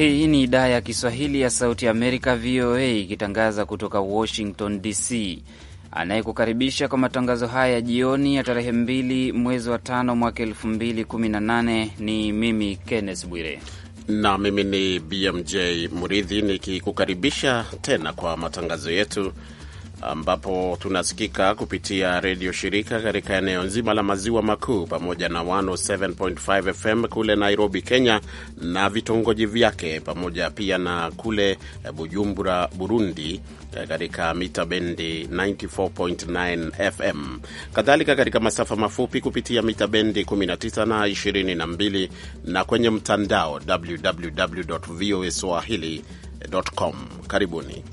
Hii ni idhaa ya Kiswahili ya Sauti Amerika, VOA, ikitangaza kutoka Washington DC. Anayekukaribisha kwa matangazo haya ya jioni ya tarehe 2 mwezi wa 5 mwaka 2018 ni mimi Kenneth Bwire na mimi ni BMJ Muridhi nikikukaribisha tena kwa matangazo yetu ambapo tunasikika kupitia redio shirika katika eneo nzima la maziwa makuu pamoja na 107.5 FM kule Nairobi, Kenya na vitongoji vyake, pamoja pia na kule Bujumbura, Burundi, katika mita bendi 94.9 FM, kadhalika katika masafa mafupi kupitia mita bendi 19 na 22 na kwenye mtandao www voa swahili.com. Karibuni.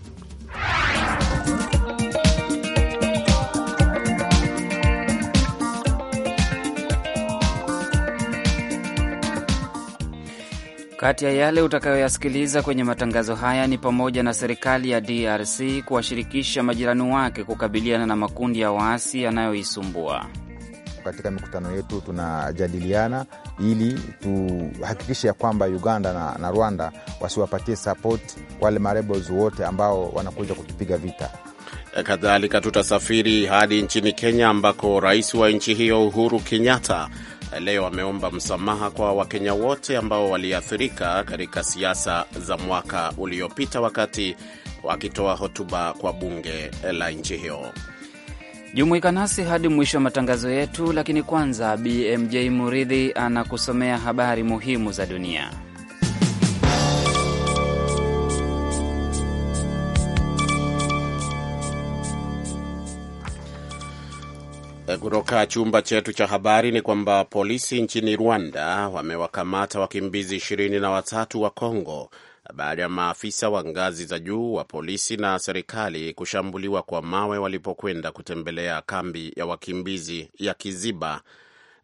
Kati ya yale utakayoyasikiliza kwenye matangazo haya ni pamoja na serikali ya DRC kuwashirikisha majirani wake kukabiliana na makundi ya waasi yanayoisumbua. Katika mikutano yetu tunajadiliana ili tuhakikishe ya kwamba Uganda na, na Rwanda wasiwapatie sapoti wale marebels wote ambao wanakuja kutupiga vita. E, kadhalika tutasafiri hadi nchini Kenya ambako rais wa nchi hiyo Uhuru Kenyatta Eh, leo ameomba msamaha kwa Wakenya wote ambao waliathirika katika siasa za mwaka uliopita wakati wakitoa hotuba kwa bunge eh, la nchi hiyo. Jumuika nasi hadi mwisho wa matangazo yetu, lakini kwanza BMJ Muridhi anakusomea habari muhimu za dunia. kutoka chumba chetu cha habari ni kwamba polisi nchini Rwanda wamewakamata wakimbizi ishirini na watatu wa Kongo baada ya maafisa wa ngazi za juu wa polisi na serikali kushambuliwa kwa mawe walipokwenda kutembelea kambi ya wakimbizi ya Kiziba.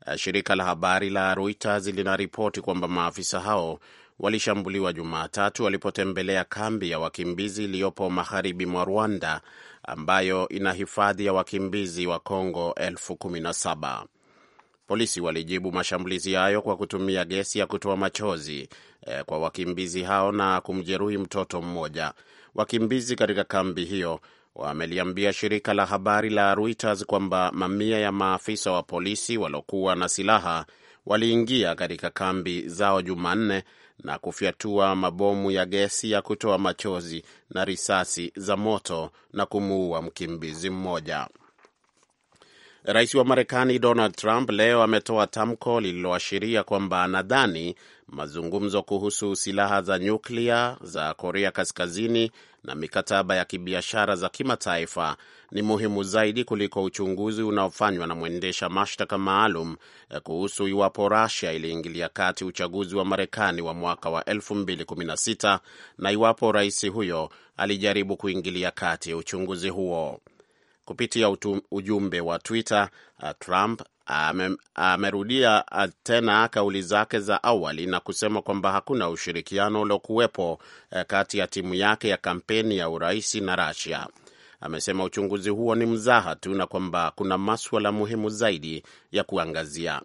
Eh, shirika la habari la Reuters linaripoti kwamba maafisa hao walishambuliwa Jumatatu walipotembelea kambi ya wakimbizi iliyopo magharibi mwa Rwanda ambayo ina hifadhi ya wakimbizi wa Kongo elfu kumi na saba. Polisi walijibu mashambulizi hayo kwa kutumia gesi ya kutoa machozi eh, kwa wakimbizi hao na kumjeruhi mtoto mmoja. Wakimbizi katika kambi hiyo wameliambia shirika la habari la Reuters kwamba mamia ya maafisa wa polisi waliokuwa na silaha waliingia katika kambi zao Jumanne na kufyatua mabomu ya gesi ya kutoa machozi na risasi za moto na kumuua mkimbizi mmoja. Rais wa Marekani Donald Trump leo ametoa tamko lililoashiria kwamba anadhani mazungumzo kuhusu silaha za nyuklia za Korea Kaskazini na mikataba ya kibiashara za kimataifa ni muhimu zaidi kuliko uchunguzi unaofanywa na mwendesha mashtaka maalum eh, kuhusu iwapo rasia iliingilia kati uchaguzi wa Marekani wa mwaka wa 2016 na iwapo rais huyo alijaribu kuingilia kati uchunguzi huo. Kupitia ujumbe wa Twitter, eh, Trump amerudia tena kauli zake za awali na kusema kwamba hakuna ushirikiano uliokuwepo e, kati ya timu yake ya kampeni ya urais na Russia. Amesema uchunguzi huo ni mzaha tu na kwamba kuna maswala muhimu zaidi ya kuangazia.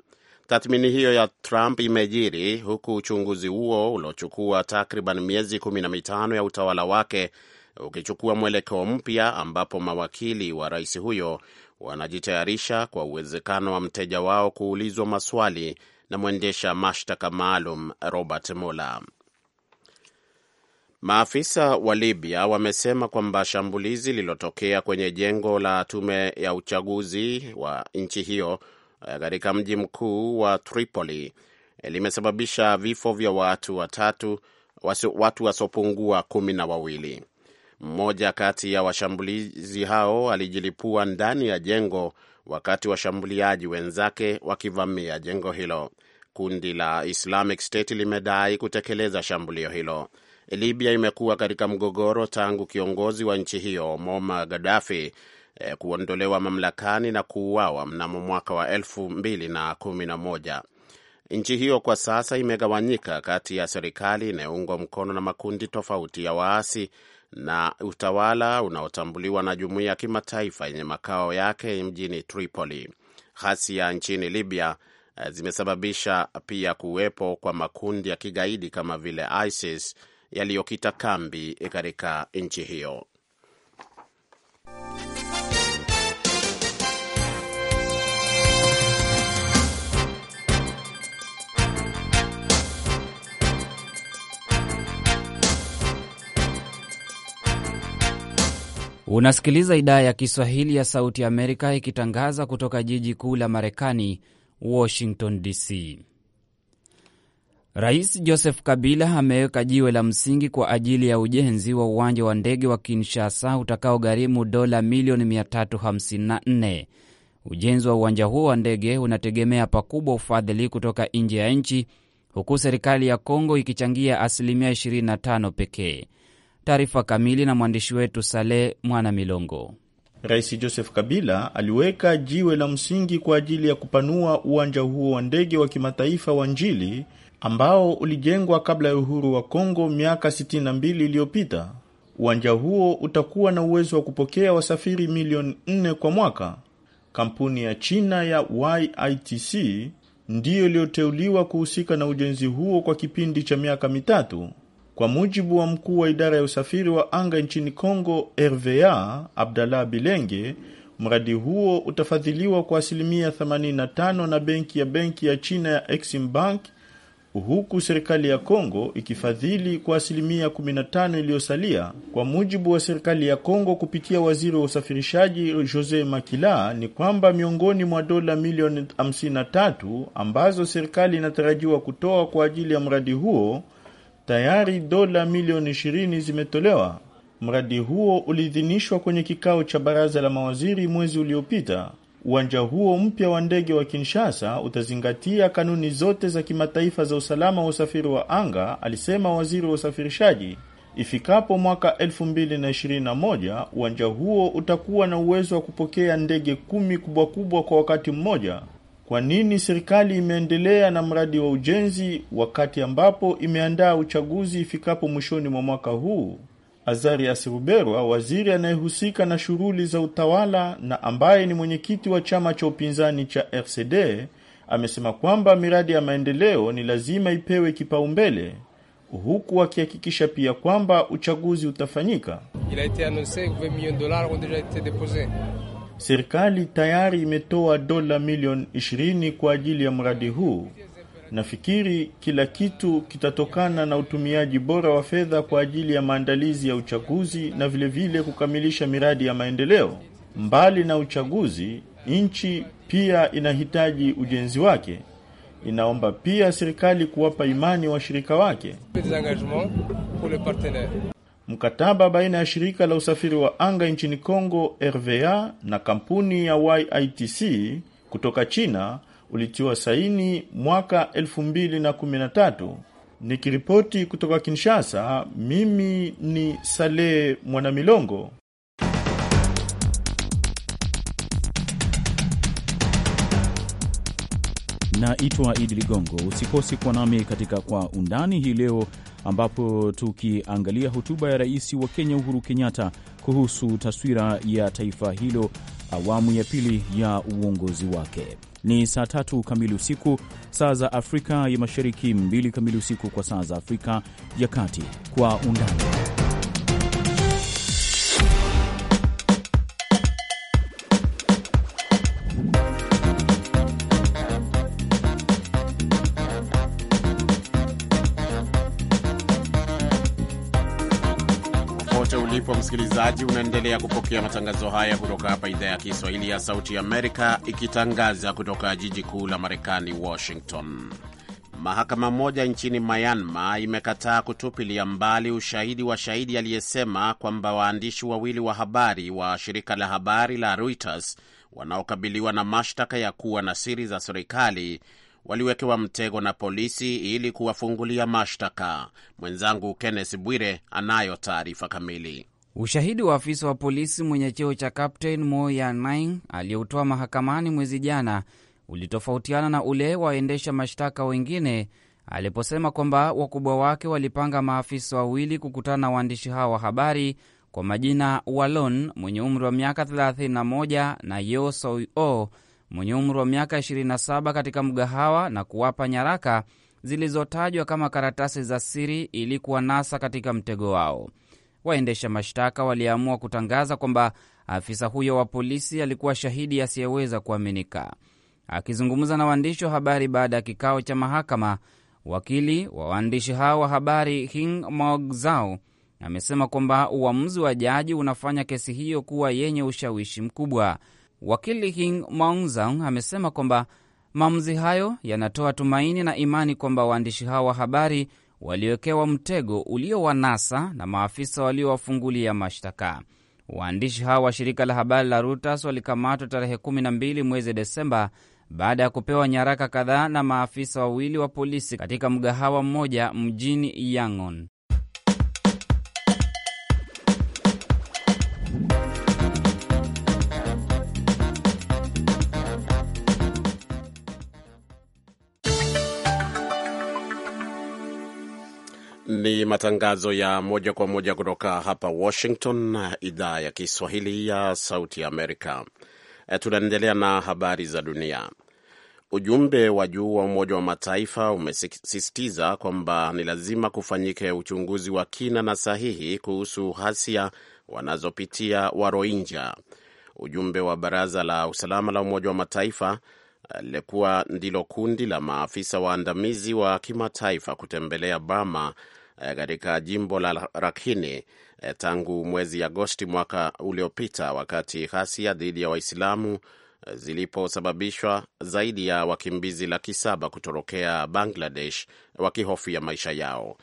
Tathmini hiyo ya Trump imejiri huku uchunguzi huo uliochukua takriban miezi kumi na mitano ya utawala wake ukichukua mwelekeo mpya ambapo mawakili wa rais huyo wanajitayarisha kwa uwezekano wa mteja wao kuulizwa maswali na mwendesha mashtaka maalum Robert Mueller. Maafisa wa Libya wamesema kwamba shambulizi lililotokea kwenye jengo la tume ya uchaguzi wa nchi hiyo eh, katika mji mkuu wa Tripoli eh, limesababisha vifo vya watu watatu, watu wasiopungua kumi na wawili. Mmoja kati ya washambulizi hao alijilipua ndani ya jengo wakati washambuliaji wenzake wakivamia jengo hilo. Kundi la Islamic State limedai kutekeleza shambulio hilo. Libya imekuwa katika mgogoro tangu kiongozi wa nchi hiyo moma Gaddafi eh, kuondolewa mamlakani na kuuawa mnamo mwaka wa 211 Nchi hiyo kwa sasa imegawanyika kati ya serikali inayoungwa mkono na makundi tofauti ya waasi na utawala unaotambuliwa na jumuiya ya kimataifa yenye makao yake mjini Tripoli. Ghasia nchini Libya eh, zimesababisha pia kuwepo kwa makundi ya kigaidi kama vile ISIS yaliyokita kambi katika nchi hiyo. Unasikiliza idhaa ya Kiswahili ya Sauti Amerika ikitangaza kutoka jiji kuu la Marekani, Washington DC. Rais Joseph Kabila ameweka jiwe la msingi kwa ajili ya ujenzi wa uwanja wa ndege wa Kinshasa utakaogharimu dola milioni 354. Ujenzi wa uwanja huo wa ndege unategemea pakubwa ufadhili kutoka nje ya nchi, huku serikali ya Kongo ikichangia asilimia 25 pekee. Taarifa kamili na mwandishi wetu Saleh Mwana Milongo. Rais Joseph Kabila aliweka jiwe la msingi kwa ajili ya kupanua uwanja huo wa ndege wa kimataifa wa Njili ambao ulijengwa kabla ya uhuru wa Kongo miaka 62 iliyopita. Uwanja huo utakuwa na uwezo wa kupokea wasafiri milioni 4 kwa mwaka. Kampuni ya China ya YITC ndiyo iliyoteuliwa kuhusika na ujenzi huo kwa kipindi cha miaka mitatu. Kwa mujibu wa mkuu wa idara ya usafiri wa anga nchini congo RVA, Abdallah Bilenge, mradi huo utafadhiliwa kwa asilimia 85 na benki ya benki ya China ya Exim Bank, huku serikali ya congo ikifadhili kwa asilimia 15 iliyosalia. Kwa mujibu wa serikali ya congo kupitia waziri wa usafirishaji Jose Makila, ni kwamba miongoni mwa dola milioni 53 ambazo serikali inatarajiwa kutoa kwa ajili ya mradi huo tayari dola milioni 20 zimetolewa. Mradi huo uliidhinishwa kwenye kikao cha baraza la mawaziri mwezi uliopita. Uwanja huo mpya wa ndege wa Kinshasa utazingatia kanuni zote za kimataifa za usalama wa usafiri wa anga, alisema waziri wa usafirishaji. Ifikapo mwaka 2021 uwanja huo utakuwa na uwezo wa kupokea ndege kumi kubwa kubwa kwa wakati mmoja. Kwa nini serikali imeendelea na mradi wa ujenzi wakati ambapo imeandaa uchaguzi ifikapo mwishoni mwa mwaka huu? Azarias Ruberwa, waziri anayehusika na shughuli za utawala na ambaye ni mwenyekiti wa chama cha upinzani cha RCD, amesema kwamba miradi ya maendeleo ni lazima ipewe kipaumbele, huku akihakikisha pia kwamba uchaguzi utafanyika. Il a été annoncé 20 millions de dollars ont été Serikali tayari imetoa dola milioni 20 kwa ajili ya mradi huu. Nafikiri kila kitu kitatokana na utumiaji bora wa fedha kwa ajili ya maandalizi ya uchaguzi na vilevile vile kukamilisha miradi ya maendeleo. Mbali na uchaguzi, nchi pia inahitaji ujenzi wake. Inaomba pia serikali kuwapa imani washirika wake mkataba baina ya shirika la usafiri wa anga nchini congo RVA na kampuni ya YITC kutoka China ulitiwa saini mwaka 2013. Nikiripoti kutoka Kinshasa, mimi ni Saleh Mwanamilongo Naitwa Idi Ligongo. Usikosi kuwa nami katika Kwa Undani hii leo, ambapo tukiangalia hotuba ya Rais wa Kenya Uhuru Kenyatta kuhusu taswira ya taifa hilo awamu ya pili ya uongozi wake. Ni saa tatu kamili usiku saa za Afrika ya Mashariki, mbili kamili usiku kwa saa za Afrika ya Kati. Kwa Undani. msikilizaji, unaendelea kupokea matangazo haya kutoka hapa idhaa ya Kiswahili ya Sauti ya Amerika, ikitangaza kutoka jiji kuu la Marekani, Washington. Mahakama moja nchini Myanmar imekataa kutupilia mbali ushahidi wa shahidi aliyesema kwamba waandishi wawili wa habari wa shirika la habari la Reuters wanaokabiliwa na mashtaka ya kuwa na siri za serikali waliwekewa mtego na polisi ili kuwafungulia mashtaka. Mwenzangu Kenneth Bwire anayo taarifa kamili. Ushahidi wa afisa wa polisi mwenye cheo cha Captain Moya Yanaing aliyeutoa mahakamani mwezi jana ulitofautiana na ule waendesha mashtaka wengine aliposema kwamba wakubwa wake walipanga maafisa wawili kukutana na waandishi hao wa habari kwa majina Walon mwenye umri wa miaka 31 na Yo Soio mwenye umri wa miaka 27 katika mgahawa na kuwapa nyaraka zilizotajwa kama karatasi za siri ili kuwanasa katika mtego wao waendesha mashtaka waliamua kutangaza kwamba afisa huyo wa polisi alikuwa shahidi asiyeweza kuaminika. Akizungumza na waandishi wa habari baada ya kikao cha mahakama, wakili wa waandishi hao wa habari Hing Maugzau amesema kwamba uamuzi wa jaji unafanya kesi hiyo kuwa yenye ushawishi mkubwa. Wakili Hing Maugzau amesema kwamba maamuzi hayo yanatoa tumaini na imani kwamba waandishi hao wa habari waliowekewa mtego uliowanasa na maafisa waliowafungulia mashtaka. Waandishi hao wa shirika la habari la Reuters walikamatwa tarehe 12 mwezi Desemba baada ya kupewa nyaraka kadhaa na maafisa wawili wa polisi katika mgahawa mmoja mjini Yangon. Ni matangazo ya moja kwa moja kutoka hapa Washington, idhaa ya Kiswahili ya Sauti ya Amerika. E, tunaendelea na habari za dunia. Ujumbe wa juu wa Umoja wa Mataifa umesisitiza kwamba ni lazima kufanyike uchunguzi wa kina na sahihi kuhusu hasia wanazopitia wa rohinja Ujumbe wa Baraza la Usalama la Umoja wa Mataifa e, lilikuwa ndilo kundi la maafisa waandamizi wa, wa kimataifa kutembelea Burma Eh, katika jimbo la Rakhine eh, tangu mwezi Agosti mwaka uliopita, wakati ghasia dhidi ya Waislamu eh, ziliposababishwa zaidi ya wakimbizi laki saba kutorokea Bangladesh wakihofia ya maisha yao.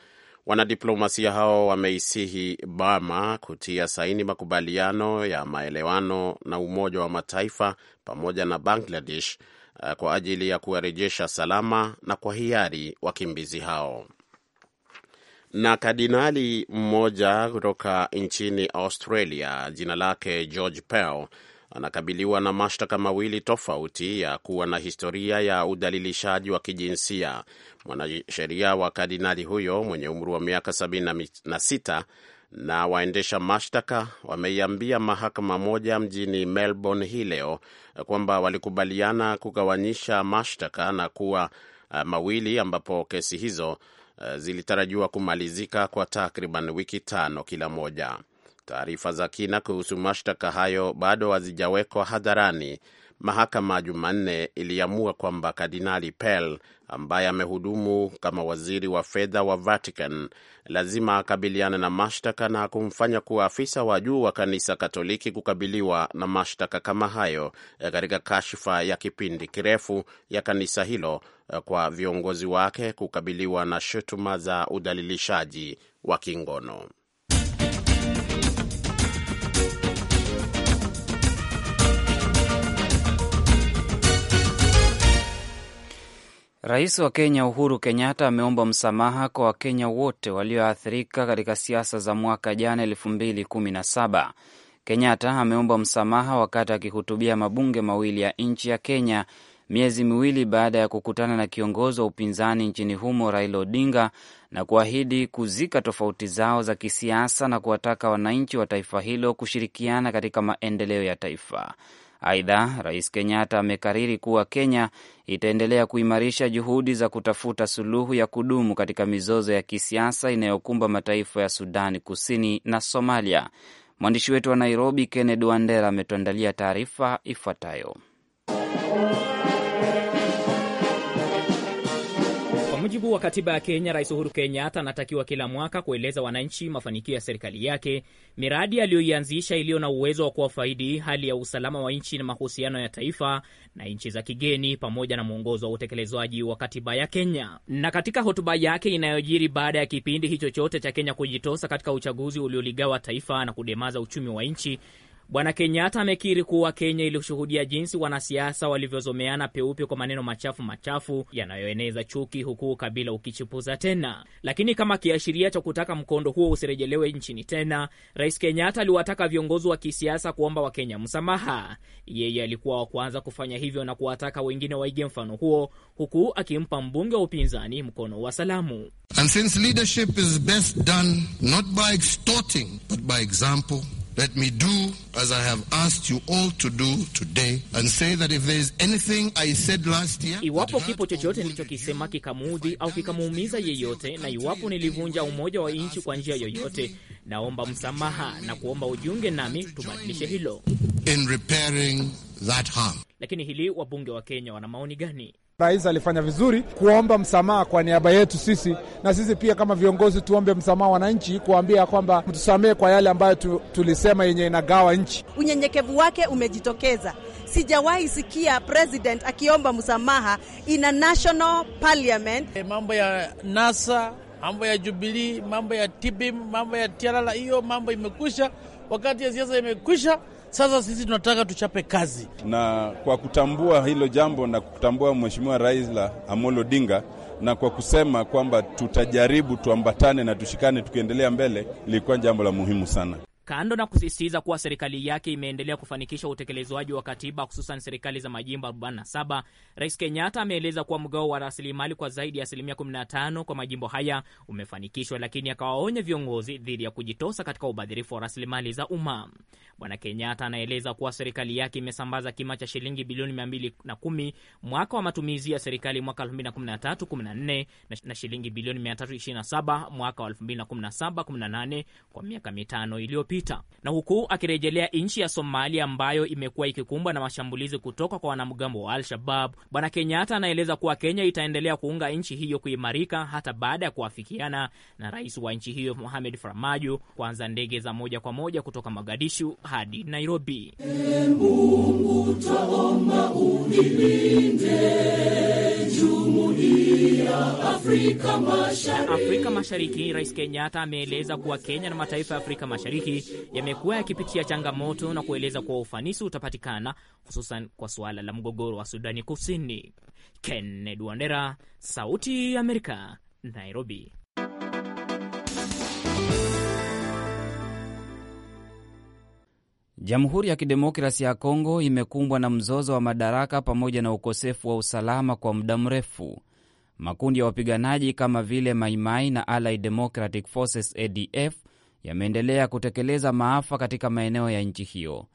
Wanadiplomasia hao wameisihi Bama kutia saini makubaliano ya maelewano na Umoja wa Mataifa pamoja na Bangladesh kwa ajili ya kuwarejesha salama na kwa hiari wakimbizi hao. Na kardinali mmoja kutoka nchini Australia, jina lake George Pell, anakabiliwa na mashtaka mawili tofauti ya kuwa na historia ya udhalilishaji wa kijinsia. Mwanasheria wa kardinali huyo mwenye umri wa miaka 76 na waendesha mashtaka wameiambia mahakama moja mjini Melbourne hii leo kwamba walikubaliana kugawanyisha mashtaka na kuwa eh, mawili ambapo kesi hizo Eh, zilitarajiwa kumalizika kwa takriban wiki tano kila moja. Taarifa za kina kuhusu mashtaka hayo bado hazijawekwa hadharani mahakama Jumanne iliamua kwamba Kardinali Pell ambaye amehudumu kama waziri wa fedha wa Vatican lazima akabiliane na mashtaka na kumfanya kuwa afisa wa juu wa kanisa Katoliki kukabiliwa na mashtaka kama hayo eh, katika kashfa ya kipindi kirefu ya kanisa hilo eh, kwa viongozi wake kukabiliwa na shutuma za udhalilishaji wa kingono. Rais wa Kenya Uhuru Kenyatta ameomba msamaha kwa Wakenya wote walioathirika katika siasa za mwaka jana 217 Kenyatta ameomba msamaha wakati akihutubia mabunge mawili ya nchi ya Kenya miezi miwili baada ya kukutana na kiongozi wa upinzani nchini humo Raila Odinga na kuahidi kuzika tofauti zao za kisiasa na kuwataka wananchi wa taifa hilo kushirikiana katika maendeleo ya taifa. Aidha, Rais Kenyatta amekariri kuwa Kenya itaendelea kuimarisha juhudi za kutafuta suluhu ya kudumu katika mizozo ya kisiasa inayokumba mataifa ya Sudani Kusini na Somalia. Mwandishi wetu wa Nairobi, Kennedy Wandera, ametuandalia taarifa ifuatayo. mujibu wa katiba ya Kenya, Rais Uhuru Kenyatta anatakiwa kila mwaka kueleza wananchi mafanikio ya serikali yake, miradi aliyoianzisha iliyo na uwezo wa kuwafaidi, hali ya usalama wa nchi na mahusiano ya taifa na nchi za kigeni, pamoja na mwongozo wa utekelezwaji wa katiba ya Kenya. Na katika hotuba yake inayojiri baada ya kipindi hicho chote cha Kenya kujitosa katika uchaguzi ulioligawa taifa na kudemaza uchumi wa nchi, Bwana Kenyatta amekiri kuwa Kenya ilishuhudia jinsi wanasiasa walivyozomeana peupe kwa maneno machafu machafu yanayoeneza chuki, huku ukabila ukichipuza tena. Lakini kama kiashiria cha kutaka mkondo huo usirejelewe nchini tena, Rais Kenyatta aliwataka viongozi wa kisiasa kuomba Wakenya msamaha. Yeye alikuwa wa kwanza kufanya hivyo na kuwataka wengine waige mfano huo, huku akimpa mbunge wa upinzani mkono wa salamu. And since leadership is best done not by extorting but by example Let me do as I have asked you all to do today and say that if there is anything I said last year. Iwapo kipo chochote nilichokisema kikamuudhi au kikamuumiza yeyote, na iwapo nilivunja umoja wa nchi kwa njia yoyote, naomba msamaha na kuomba ujiunge nami tubadilishe hilo. In repairing that harm. Lakini hili wabunge wa Kenya wana maoni gani? Rais alifanya vizuri kuomba msamaha kwa niaba yetu sisi, na sisi pia kama viongozi tuombe msamaha wananchi, kuambia kwamba mtusamehe kwa yale ambayo tu, tulisema yenye inagawa nchi. Unyenyekevu wake umejitokeza. Sijawahi sikia president akiomba msamaha ina national parliament. E, mambo ya NASA, mambo ya Jubilee, mambo ya TB, mambo ya Tialala, hiyo mambo imekwisha, wakati ya siasa imekwisha. Sasa sisi tunataka tuchape kazi, na kwa kutambua hilo jambo na kutambua Mheshimiwa Raila Amolo Odinga na kwa kusema kwamba tutajaribu tuambatane na tushikane tukiendelea mbele, lilikuwa jambo la muhimu sana. Kando na kusisitiza kuwa serikali yake imeendelea kufanikisha utekelezwaji wa katiba, hususan serikali za majimbo 47, Rais Kenyatta ameeleza kuwa mgao wa rasilimali kwa zaidi ya asilimia 15 kwa majimbo haya umefanikishwa, lakini akawaonya viongozi dhidi ya kujitosa katika ubadhirifu wa rasilimali za umma. Bwana Kenyatta anaeleza kuwa serikali yake imesambaza kima cha shilingi bilioni 210 mwaka wa matumizi ya serikali mwaka 2013/14 na shilingi bilioni 327 mwaka wa 2017/18 kwa miaka mitano iliyopita iliyopita, na huku akirejelea nchi ya Somalia ambayo imekuwa ikikumbwa na mashambulizi kutoka kwa wanamgambo wa Al-Shabab, Bwana Kenyatta anaeleza kuwa Kenya itaendelea kuunga nchi hiyo kuimarika hata baada ya kuafikiana na rais wa nchi hiyo Mohamed Farmajo kuanza ndege za moja kwa moja kutoka Mogadishu hadi Nairobi. E, Mungu, taomba unilinde Afrika Mashariki. Afrika Mashariki, Rais Kenyatta ameeleza kuwa Kenya na mataifa ya Afrika Mashariki yamekuwa yakipitia changamoto na kueleza kuwa ufanisi utapatikana hususan kwa suala la mgogoro wa Sudani Kusini. Kennedy Wandera, Sauti ya Amerika, Nairobi. Jamhuri ya Kidemokrasi ya Kongo imekumbwa na mzozo wa madaraka pamoja na ukosefu wa usalama kwa muda mrefu. Makundi ya wapiganaji kama vile Maimai na Allied Democratic Forces ADF yameendelea kutekeleza maafa katika maeneo ya nchi hiyo.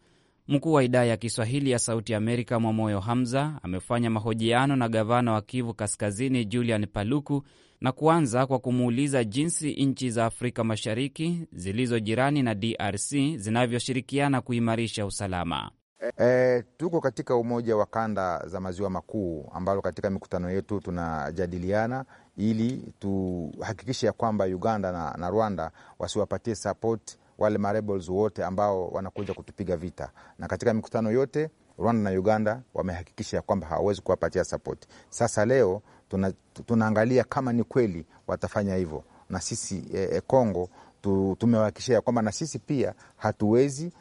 Mkuu wa idara ya Kiswahili ya Sauti Amerika Mwamoyo Hamza amefanya mahojiano na gavana wa Kivu Kaskazini Julian Paluku na kuanza kwa kumuuliza jinsi nchi za Afrika Mashariki zilizo jirani na DRC zinavyoshirikiana kuimarisha usalama. E, tuko katika umoja wa kanda za maziwa makuu ambalo katika mikutano yetu tunajadiliana ili tuhakikishe ya kwamba Uganda na, na Rwanda wasiwapatie support wale marebels wote ambao wanakuja kutupiga vita, na katika mikutano yote Rwanda na Uganda wamehakikisha ya kwamba hawawezi kuwapatia support. Sasa leo tuna, tunaangalia kama ni kweli watafanya hivyo, na sisi e, e, e, tumewahakikishia ya kwamba na sisi pia hatuwezi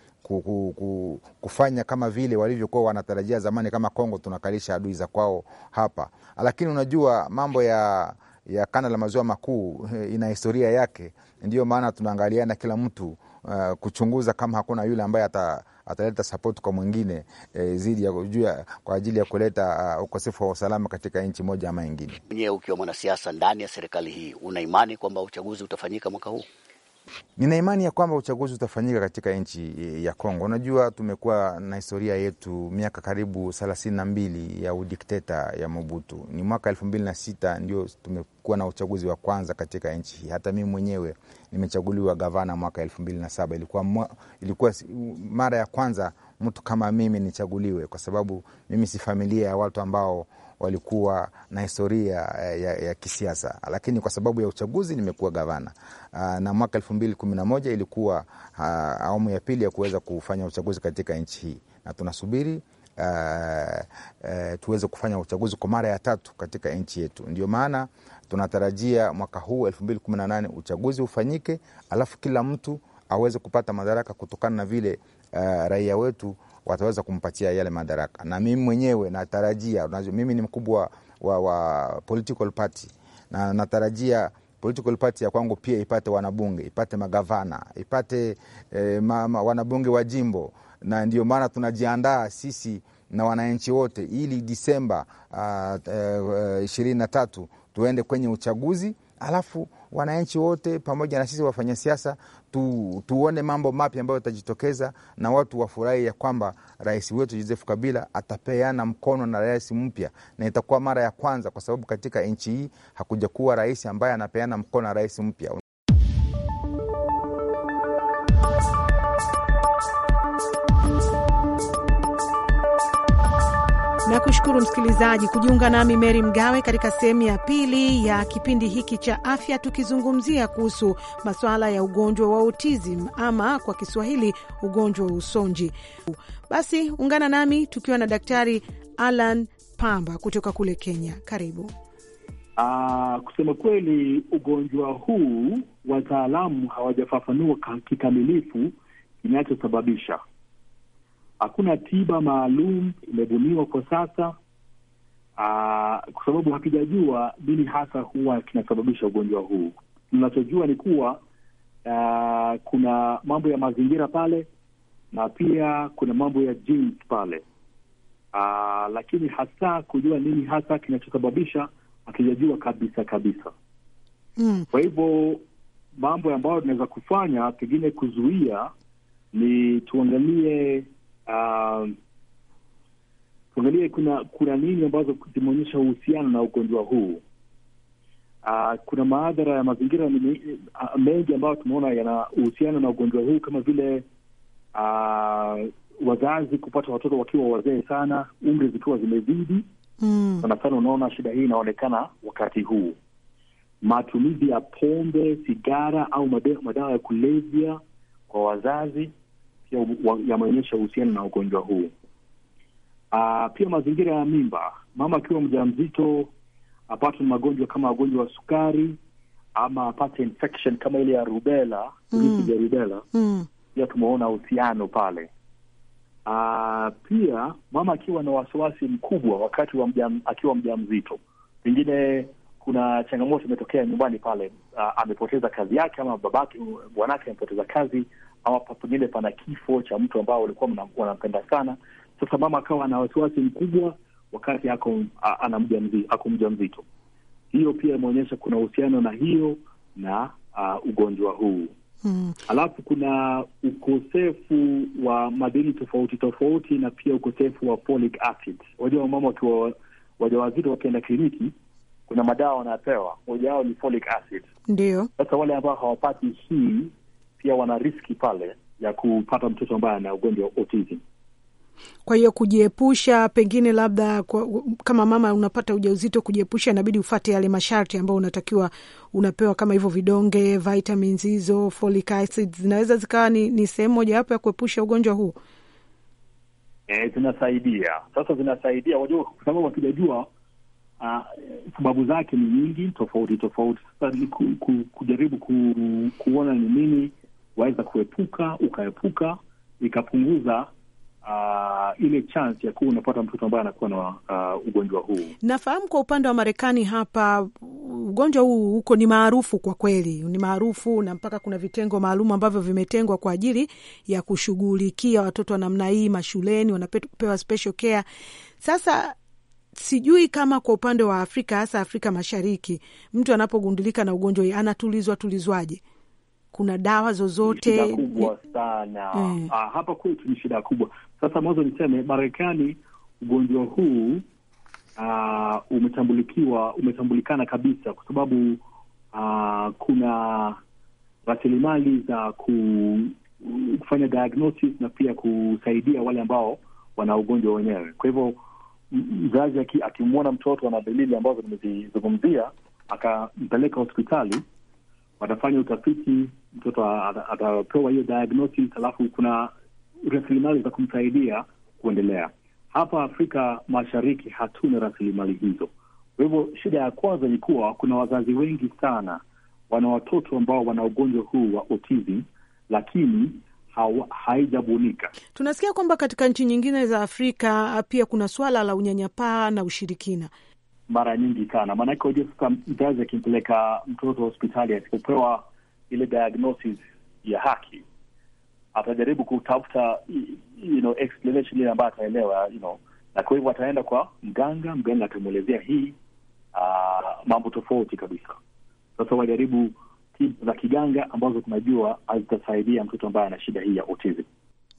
kufanya kama vile walivyokuwa wanatarajia zamani, kama Kongo tunakalisha adui za kwao hapa. Lakini unajua mambo ya ya kanda la maziwa makuu eh, ina historia yake, ndiyo maana tunaangaliana kila mtu uh, kuchunguza kama hakuna yule ambaye ata ataleta support kwa mwingine eh, zidi ya kujua kwa ajili ya kuleta uh, ukosefu wa usalama katika nchi moja ama nyingine. Mwenyewe ukiwa mwanasiasa ndani ya serikali hii, una imani kwamba uchaguzi utafanyika mwaka huu? Nina imani ya kwamba uchaguzi utafanyika katika nchi e, ya Kongo. Unajua, tumekuwa na historia yetu miaka karibu thelathini na mbili ya udikteta ya Mobutu. Ni mwaka elfu mbili na sita ndio tumekuwa na uchaguzi wa kwanza katika nchi hii. Hata mimi mwenyewe nimechaguliwa gavana mwaka elfu mbili na saba. Ilikuwa, mwa, ilikuwa mara ya kwanza mtu kama mimi nichaguliwe, kwa sababu mimi si familia ya watu ambao walikuwa na historia eh, ya, ya kisiasa, lakini kwa sababu ya uchaguzi nimekuwa gavana ah, na mwaka elfu mbili kumi na moja ilikuwa ah, awamu ya pili ya kuweza kufanya uchaguzi katika nchi hii na tunasubiri Uh, uh, tuweze kufanya uchaguzi kwa mara ya tatu katika nchi yetu. Ndio maana tunatarajia mwaka huu elfu mbili kumi na nane uchaguzi ufanyike, alafu kila mtu aweze kupata madaraka kutokana na vile uh, raia wetu wataweza kumpatia yale madaraka, na mimi mwenyewe natarajia, unajua mimi ni mkubwa wa, wa political party na natarajia political party ya kwangu pia ipate wanabunge, ipate magavana, ipate eh, mama, wanabunge wa jimbo, na ndio maana tunajiandaa sisi na wananchi wote ili Disemba ah, eh, eh, ishirini uh, uh, na tatu tuende kwenye uchaguzi alafu wananchi wote pamoja na sisi wafanyasiasa tu, tuone mambo mapya ambayo yatajitokeza na watu wafurahi ya kwamba rais wetu Joseph Kabila atapeana mkono na rais mpya, na itakuwa mara ya kwanza, kwa sababu katika nchi hii hakuja kuwa rais ambaye anapeana mkono na rais mpya. kushukuru msikilizaji kujiunga nami Meri Mgawe katika sehemu ya pili ya kipindi hiki cha afya, tukizungumzia kuhusu masuala ya ugonjwa wa autism ama kwa Kiswahili ugonjwa wa usonji. Basi ungana nami tukiwa na Daktari Alan Pamba kutoka kule Kenya. Karibu. Uh, kusema kweli ugonjwa huu wataalamu hawajafafanua kikamilifu kinachosababisha Hakuna tiba maalum imebuniwa kwa sasa, ah, kwa sababu hatujajua nini hasa huwa kinasababisha ugonjwa huu. Tunachojua ni kuwa aa, ah, kuna mambo ya mazingira pale na pia kuna mambo ya genes pale aa, ah, lakini hasa kujua nini hasa kinachosababisha hatujajua kabisa kabisa. Mm. Kwa hivyo mambo ambayo tunaweza kufanya pengine kuzuia ni tuangalie um, tuangalie kuna kuna nini ambazo zimeonyesha uhusiano na ugonjwa huu. Uh, kuna maadhara ya mazingira uh, mengi ambayo tumeona yana uhusiano na ugonjwa huu kama vile uh, wazazi kupata watoto wakiwa wazee sana, umri zikiwa zimezidi mm. Sana sana unaona shida hii inaonekana wakati huu. Matumizi ya pombe, sigara au madawa ya kulevya kwa wazazi yameonyesha uhusiano na ugonjwa huu. Aa, ah, pia mazingira ya mimba, mama akiwa mja mzito apate magonjwa kama ugonjwa wa sukari ama apate infection kama ile ya rubela, mm. virusi vya rubela mm. Pia tumeona uhusiano pale. Aa, ah, pia mama akiwa na wasiwasi mkubwa wakati wa mja, akiwa mja mzito, pengine kuna changamoto imetokea nyumbani pale, ah, amepoteza kazi yake ama babake, bwanake amepoteza kazi, ama pengine pana kifo cha mtu ambao walikuwa wanampenda sana. Sasa mama akawa ana wasiwasi mkubwa wakati ako ana mja mzito, ako mja mzito. Hiyo pia imeonyesha kuna uhusiano na hiyo na uh, ugonjwa huu hmm. Alafu kuna ukosefu wa madini tofauti tofauti na pia ukosefu wa folic acid. Wajua mama wakiwa wajawazito wakienda kliniki kuna madawa wanapewa, moja wao ni folic acid. Ndio sasa wale ambao hawapati hii pia wana riski pale ya kupata mtoto ambaye ana ugonjwa wa autism. Kwa hiyo kujiepusha, pengine labda kwa, kama mama unapata ujauzito, kujiepusha inabidi ufate yale masharti ambayo unatakiwa unapewa, kama hivyo vidonge, vitamins hizo, folic acid zinaweza zikawa ni, ni sehemu mojawapo ya kuepusha ugonjwa huu. E, zinasaidia sasa, zinasaidia wajua, kwa sababu hatujajua sababu zake ni nyingi tofauti tofauti. Sasa ku, ku, kujaribu ku, kuona ni nini waweza kuepuka ukaepuka, ikapunguza Uh, ile chance ya kuwa unapata mtoto ambaye anakuwa na uh, ugonjwa huu. Nafahamu kwa upande wa Marekani hapa ugonjwa huu huko ni maarufu kwa kweli, ni maarufu na mpaka kuna vitengo maalum ambavyo vimetengwa kwa ajili ya kushughulikia watoto wa namna hii mashuleni, wanapewa special care. Sasa sijui kama kwa upande wa Afrika, hasa Afrika Mashariki, mtu anapogundulika na ugonjwa hii anatulizwa tulizwaje? kuna dawa zozote? kubwa sana mm. Ah, hapa kwetu ni shida kubwa. Sasa mwanzo niseme Marekani ugonjwa huu ah, umetambulikiwa umetambulikana kabisa kwa sababu ah, kuna rasilimali za kufanya diagnosis na pia kusaidia wale ambao wana ugonjwa wenyewe. Kwa hivyo mzazi akimwona mtoto ana dalili ambazo nimezizungumzia akampeleka hospitali watafanya utafiti, mtoto atapewa hiyo diagnosis, alafu kuna rasilimali za kumsaidia kuendelea. Hapa Afrika Mashariki hatuna rasilimali hizo. Kwa hivyo shida ya kwanza ni kuwa kuna wazazi wengi sana wana watoto ambao wana ugonjwa huu wa autism, lakini haijabunika. Tunasikia kwamba katika nchi nyingine za Afrika pia kuna swala la unyanyapaa na ushirikina mara nyingi sana, maanake wajua, sasa mzazi akimpeleka mtoto hospitali asipopewa ile diagnosis ya haki atajaribu kutafuta you know, explanation ile ambayo ataelewa you know, na kwa hivyo ataenda kwa mganga, mganga atamwelezea hii uh, mambo tofauti kabisa. Sasa wajaribu tiba za kiganga ambazo tunajua hazitasaidia mtoto ambaye ana shida hii ya autism.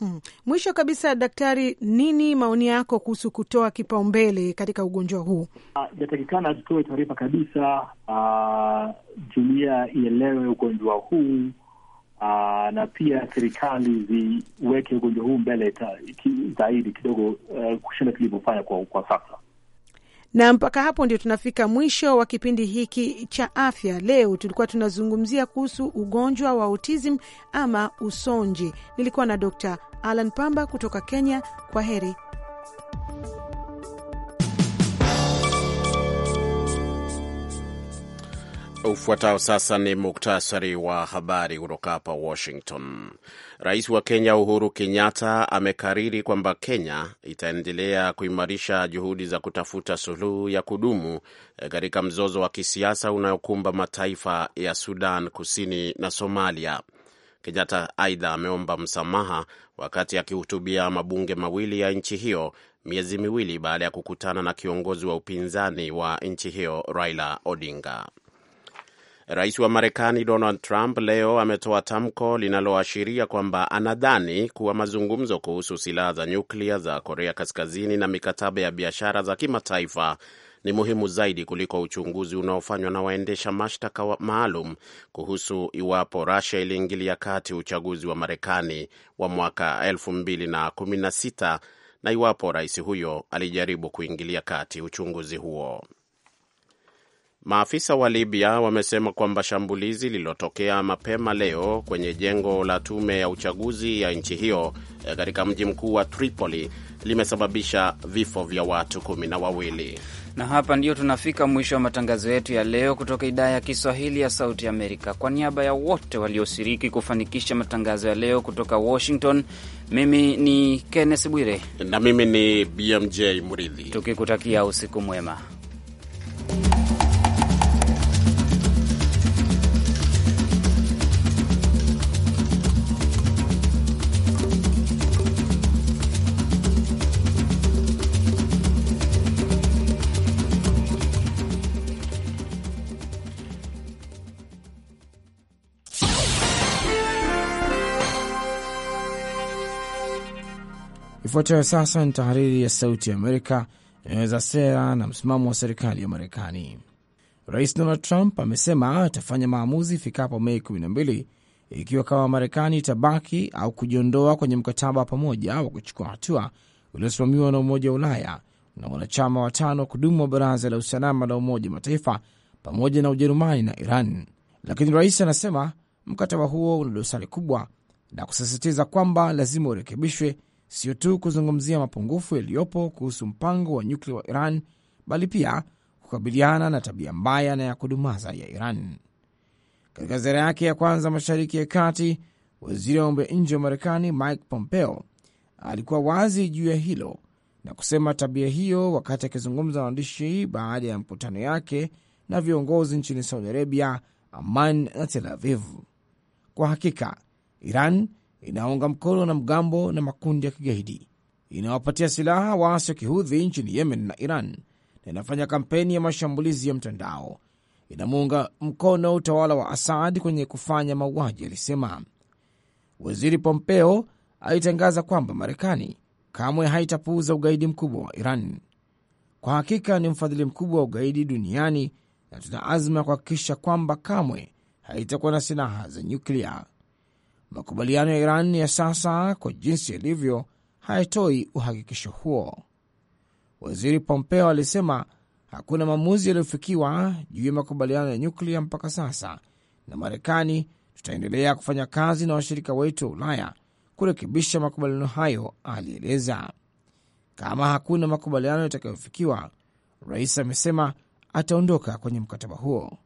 Hmm. Mwisho kabisa, daktari, nini maoni yako kuhusu kutoa kipaumbele katika ugonjwa huu? Inatakikana ah, uh, tutoe taarifa kabisa, uh, jumuia ielewe ugonjwa huu uh, na pia serikali ziweke ugonjwa huu mbele zaidi kidogo, uh, kushinda tulivyofanya kwa, kwa sasa. Na mpaka hapo ndio tunafika mwisho wa kipindi hiki cha afya leo. Tulikuwa tunazungumzia kuhusu ugonjwa wa autism ama usonji. Nilikuwa na Dr. Alan Pamba kutoka Kenya. Kwa heri. Ufuatao sasa ni muktasari wa habari kutoka hapa Washington. Rais wa Kenya Uhuru Kenyatta amekariri kwamba Kenya itaendelea kuimarisha juhudi za kutafuta suluhu ya kudumu eh, katika mzozo wa kisiasa unayokumba mataifa ya Sudan Kusini na Somalia. Kenyatta aidha ameomba msamaha wakati akihutubia mabunge mawili ya nchi hiyo miezi miwili baada ya kukutana na kiongozi wa upinzani wa nchi hiyo Raila Odinga. Rais wa Marekani Donald Trump leo ametoa tamko linaloashiria kwamba anadhani kuwa mazungumzo kuhusu silaha za nyuklia za Korea Kaskazini na mikataba ya biashara za kimataifa ni muhimu zaidi kuliko uchunguzi unaofanywa na waendesha mashtaka maalum kuhusu iwapo Russia iliingilia kati uchaguzi wa Marekani wa mwaka 2016 na iwapo rais huyo alijaribu kuingilia kati uchunguzi huo. Maafisa wa Libya wamesema kwamba shambulizi lililotokea mapema leo kwenye jengo la tume ya uchaguzi ya nchi hiyo eh, katika mji mkuu wa Tripoli limesababisha vifo vya watu kumi na wawili. Na hapa ndio tunafika mwisho wa matangazo yetu ya leo kutoka idhaa ya Kiswahili ya Sauti Amerika. Kwa niaba ya wote walioshiriki kufanikisha matangazo ya leo kutoka Washington, mimi ni Kenneth Bwire na mimi ni BMJ mridhi tukikutakia usiku mwema. Ifuatayo sasa ni tahariri ya Sauti ya Amerika inaweza sera na msimamo wa serikali ya Marekani. Rais Donald Trump amesema atafanya maamuzi ifikapo Mei 12 ikiwa kama Marekani itabaki au kujiondoa kwenye mkataba wa pamoja wa kuchukua hatua uliosimamiwa na Umoja wa Ulaya na wanachama watano kudumu wa Baraza la Usalama la Umoja wa Mataifa pamoja na Ujerumani na Iran. Lakini rais anasema mkataba huo una dosari kubwa na kusisitiza kwamba lazima urekebishwe sio tu kuzungumzia mapungufu yaliyopo kuhusu mpango wa nyuklia wa Iran bali pia kukabiliana na tabia mbaya na ya kudumaza ya Iran. Katika ziara yake ya kwanza Mashariki ya Kati, waziri wa mambo ya nje wa Marekani Mike Pompeo alikuwa wazi juu ya hilo na kusema tabia hiyo wakati akizungumza na waandishi baada ya mkutano yake na viongozi nchini Saudi Arabia, aman na Tel Aviv. Kwa hakika Iran inaunga mkono na mgambo na makundi ya kigaidi, inawapatia silaha waasi wa kihudhi nchini Yemen na Iran, na inafanya kampeni ya mashambulizi ya mtandao. Inamuunga mkono utawala wa Asad kwenye kufanya mauaji, alisema waziri Pompeo. Alitangaza kwamba Marekani kamwe haitapuuza ugaidi mkubwa wa Iran. Kwa hakika ni mfadhili mkubwa wa ugaidi duniani na tuna azma ya kuhakikisha kwamba kamwe haitakuwa na silaha za nyuklia. Makubaliano ya Iran ya sasa kwa jinsi yalivyo hayatoi uhakikisho huo. Waziri Pompeo alisema hakuna maamuzi yaliyofikiwa juu ya makubaliano ya nyuklia mpaka sasa, na Marekani tutaendelea kufanya kazi na washirika wetu wa Ulaya kurekebisha makubaliano hayo, alieleza. Kama hakuna makubaliano yatakayofikiwa, rais amesema ataondoka kwenye mkataba huo.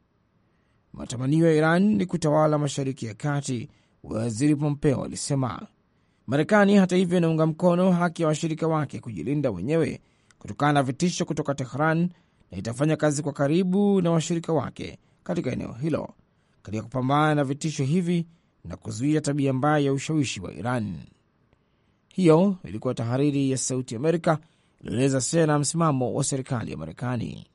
Matamanio ya Iran ni kutawala Mashariki ya Kati Waziri Pompeo alisema Marekani hata hivyo inaunga mkono haki ya wa washirika wake kujilinda wenyewe kutokana na vitisho kutoka Tehran na itafanya kazi kwa karibu na washirika wake katika eneo hilo katika kupambana na vitisho hivi na kuzuia tabia mbaya ya ushawishi wa Iran. Hiyo ilikuwa tahariri ya Sauti Amerika iliyoeleza sera na msimamo wa serikali ya Marekani.